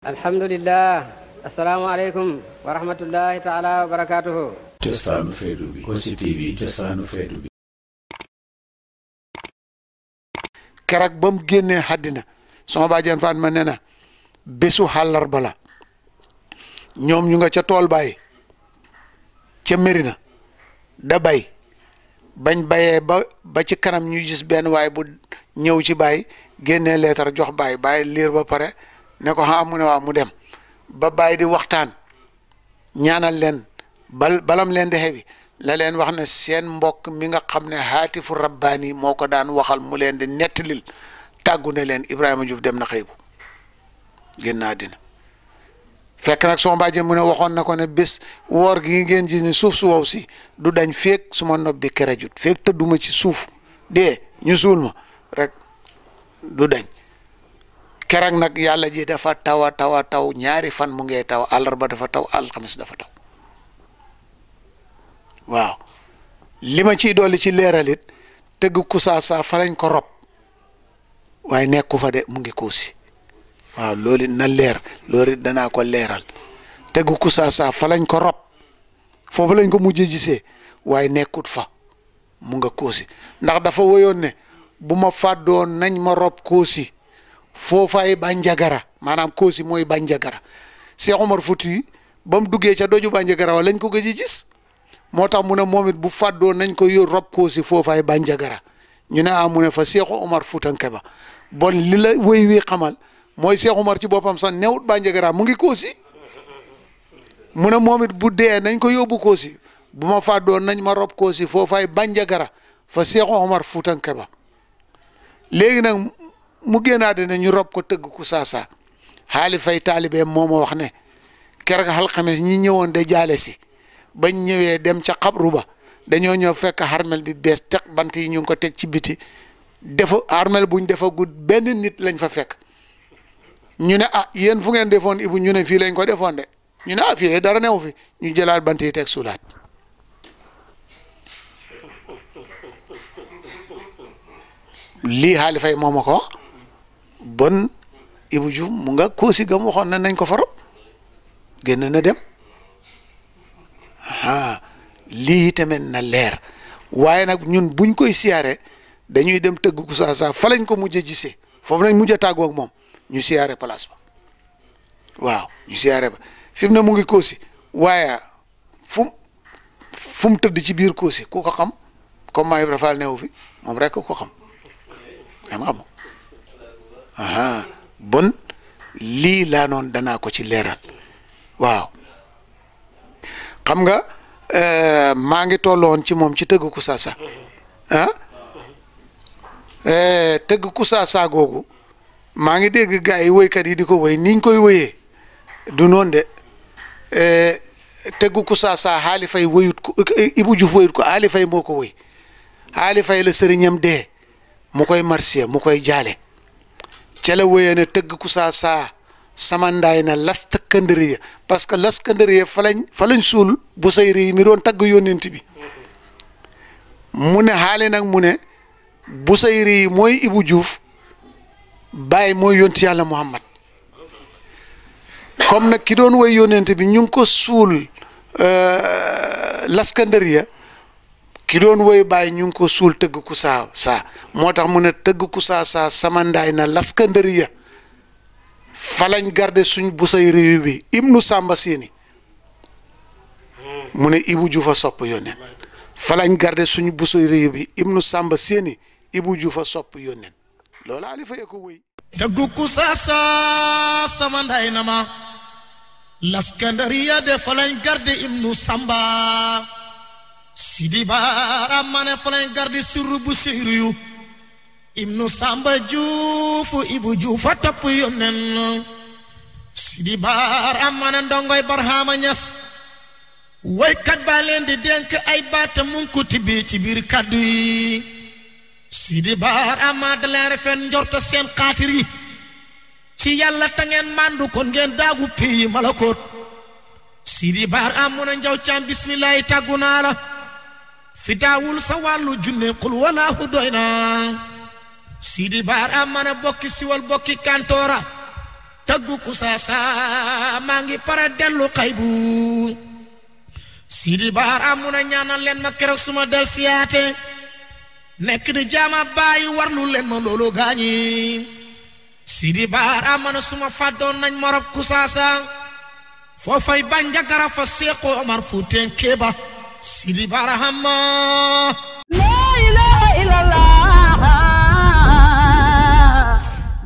alhamdulilah asalaamaaleykum wa rahmatullahi taala wa barakaatuhu cosaanu feetu génnee àddina sama bàjjen ma ne na bésu àllarba ñoom ñu nga ca tool baay ca Mérina da bay bañ bayee ba ci kanam ñu gis benn waay bu ñëw ci baay génnee leetar jox baay baay liir ba pare ne ko ah mu ne waa mu dem ba bàyyi di waxtaan ñaanal leen bal balam leen di xewi la leen wax ne seen mbokk mi nga xam ne haatifu rabbaani moo ko daan waxal mu leen di nettalil tàggu ne leen Ibrahima Diouf dem na xëy bu génn àddina fekk nag suma bàjje mu ne waxoon na ko ne bés woor gi ngeen gis suuf su wow si du dañ suma feek su ma nobbi kerejut feek duma ci suuf dee ñu suul ma rek du dañ keroog nag yàlla ji dafa taw tawa taw ñaari fan mu ngee taw àllarba dafa taw alxamis dafa taw waaw li ma ciy dolli ci leeralit tëgg kusaasaa fa lañ ko rob waaye nekku fa de mu ngi kuusi waaw loolu na leer loolu danaa ko leeral tëgg kusaasaa fa lañ ko rob foofu lañ ko mujjee gisee waaye nekkut fa mu nga kosi ndax dafa woyoon ne bu ma fàddoon nañ ma rob kosi foofaay Bandiagara maanaam Kossy mooy Bandiagara Cheikh Omar Fouti ba mu duggee ca doju Bandiagara wa lañ ko gëj a moo tax mu ne moom it bu fàddoo nañ ko yor rob Kossy foofaay Bandiagara ñu ne ah mu fa Cheikh Foutanke ba bon li la wéy wi xamal mooy Cheikh Omar ci boppam sax newut Bandiagara mu ngi Kossy ne moom bu dee nañ ko yóbbu Kossy bu ma fàddoon nañ ma rob Kossy foofaay Bandiagara fa Cheikh Omar Foutanke ba léegi nag mu génn àddina ñu rob ko tëgg ku saasaa xaali fay taalibeem moo ma wax ne keroog alxames ñi ñëwoon de jaale si bañ ñëwee dem ca xabru ba dañoo ñëw fekk xarmel bi bees teg bant yi ñu ngi ko teg ci biti defa xarmel buñ defa gudd benn nit lañ fa fekk ñu ne ah yéen fu ngeen defoon ibu ñu ne fii lañ ko defoon de ñu ne a ah, fii dara newu fi ñu jëlaat bant yi teg suulaat lii xaali fay moo ko bon Ibou Diouf mu nga koosi gam waxoon na nañ ko fa rob na dem ah lii tamit na leer waaye nag ñun buñ koy siyaare dañuy dem tëgg ku saa saa fa lañ ko mujj a gisee foofu lañ mujj a tàggoo ak moom ñu siyaare place ba waaw ñu siyaare ba fi mu ne mu ngi koosi waaye fu mu fu tëdd ci biir koosi ku ko xam comme maa ngi rafal newu fi moom rekk ko xam xam nga aha bon lii laa noon danaa ko ci leeral waaw xam nga eh, maa ngi tolloon ci moom ci tëgg ku saasa ah eh, tëgg ku saasa googu maa ngi dégg gars yi woykat yi di ko woy niñ koy woyee du noonu de eh, tëgg ku saasa xaali fay woyut ko Ibou Diouf woyut ko xaali fay moo ko woy xaali fay la sëriñam dee mu koy marsiya mu koy jaale cele ne tëgg ku saa saa samandaay na laskandariya parce que laskandariya fa lañ fa lañ suul bu sayri yi mi doon tagg yónnent bi mu ne xaale nag mu ne bu sayri yi mooy Ibu Juuf bàyyi mooy yónti yàlla nag ki doon woy yónnent bi ñu ngi ko suul euh, laskandariya ki doon woy bàyyi ñu ngi ko suul tëgg ku saa saa moo tax mu ne tëgg ku saa saa samandaay na laskandëri ya falañ garde suñ bu say réew bi ibnu sàmba siini mu ne ibu jufa sopp sopp yónneen loolu alifa ko woy tëgg ku saa saa samandaay na ma laskandëri de falañ garde ibnu sàmba sidi bara mane falen gardi suru bu sihru ibnu samba jufu ibu jufa topp yonen sidi bara mane dongoy barhama nyas Way kat balen di denk ay baata munkuti bi ci biir kaddu sidi bar ma da leen refen njorta seen xaatir yi ci yalla tangen mandu kon ngeen dagu pi malakot sidi bar amuna njaw caam bismillahi tagunala la fi sawalu sa junne qul wala hudayna sidi bar amana bokki siwal bokki kantora taggu ku saasa mangi para delu khaybu sidi bar amuna ñana len ma kero suma del siate nek de jama bàyyi warlu len ma lolo gañi sidi bar amana suma fàddoon nañ morab ku saasa foofay banjagara fa seeqo omar fuuteen keba Sidi Barahama La ilaha illallah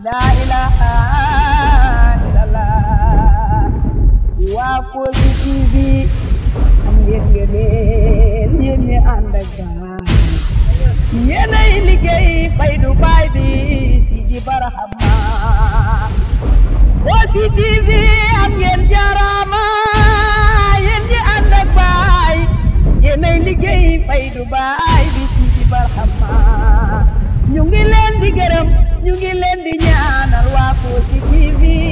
La ilaha illallah Wa kulli tibi Ngeen ngeen yéen anda ànd ak gaay yéenay liggéey bay Sidi Barahama Wa si TV am jara. liggéey fay du baay leen di gërëm ñu leen di ñaanal waa Kossy TV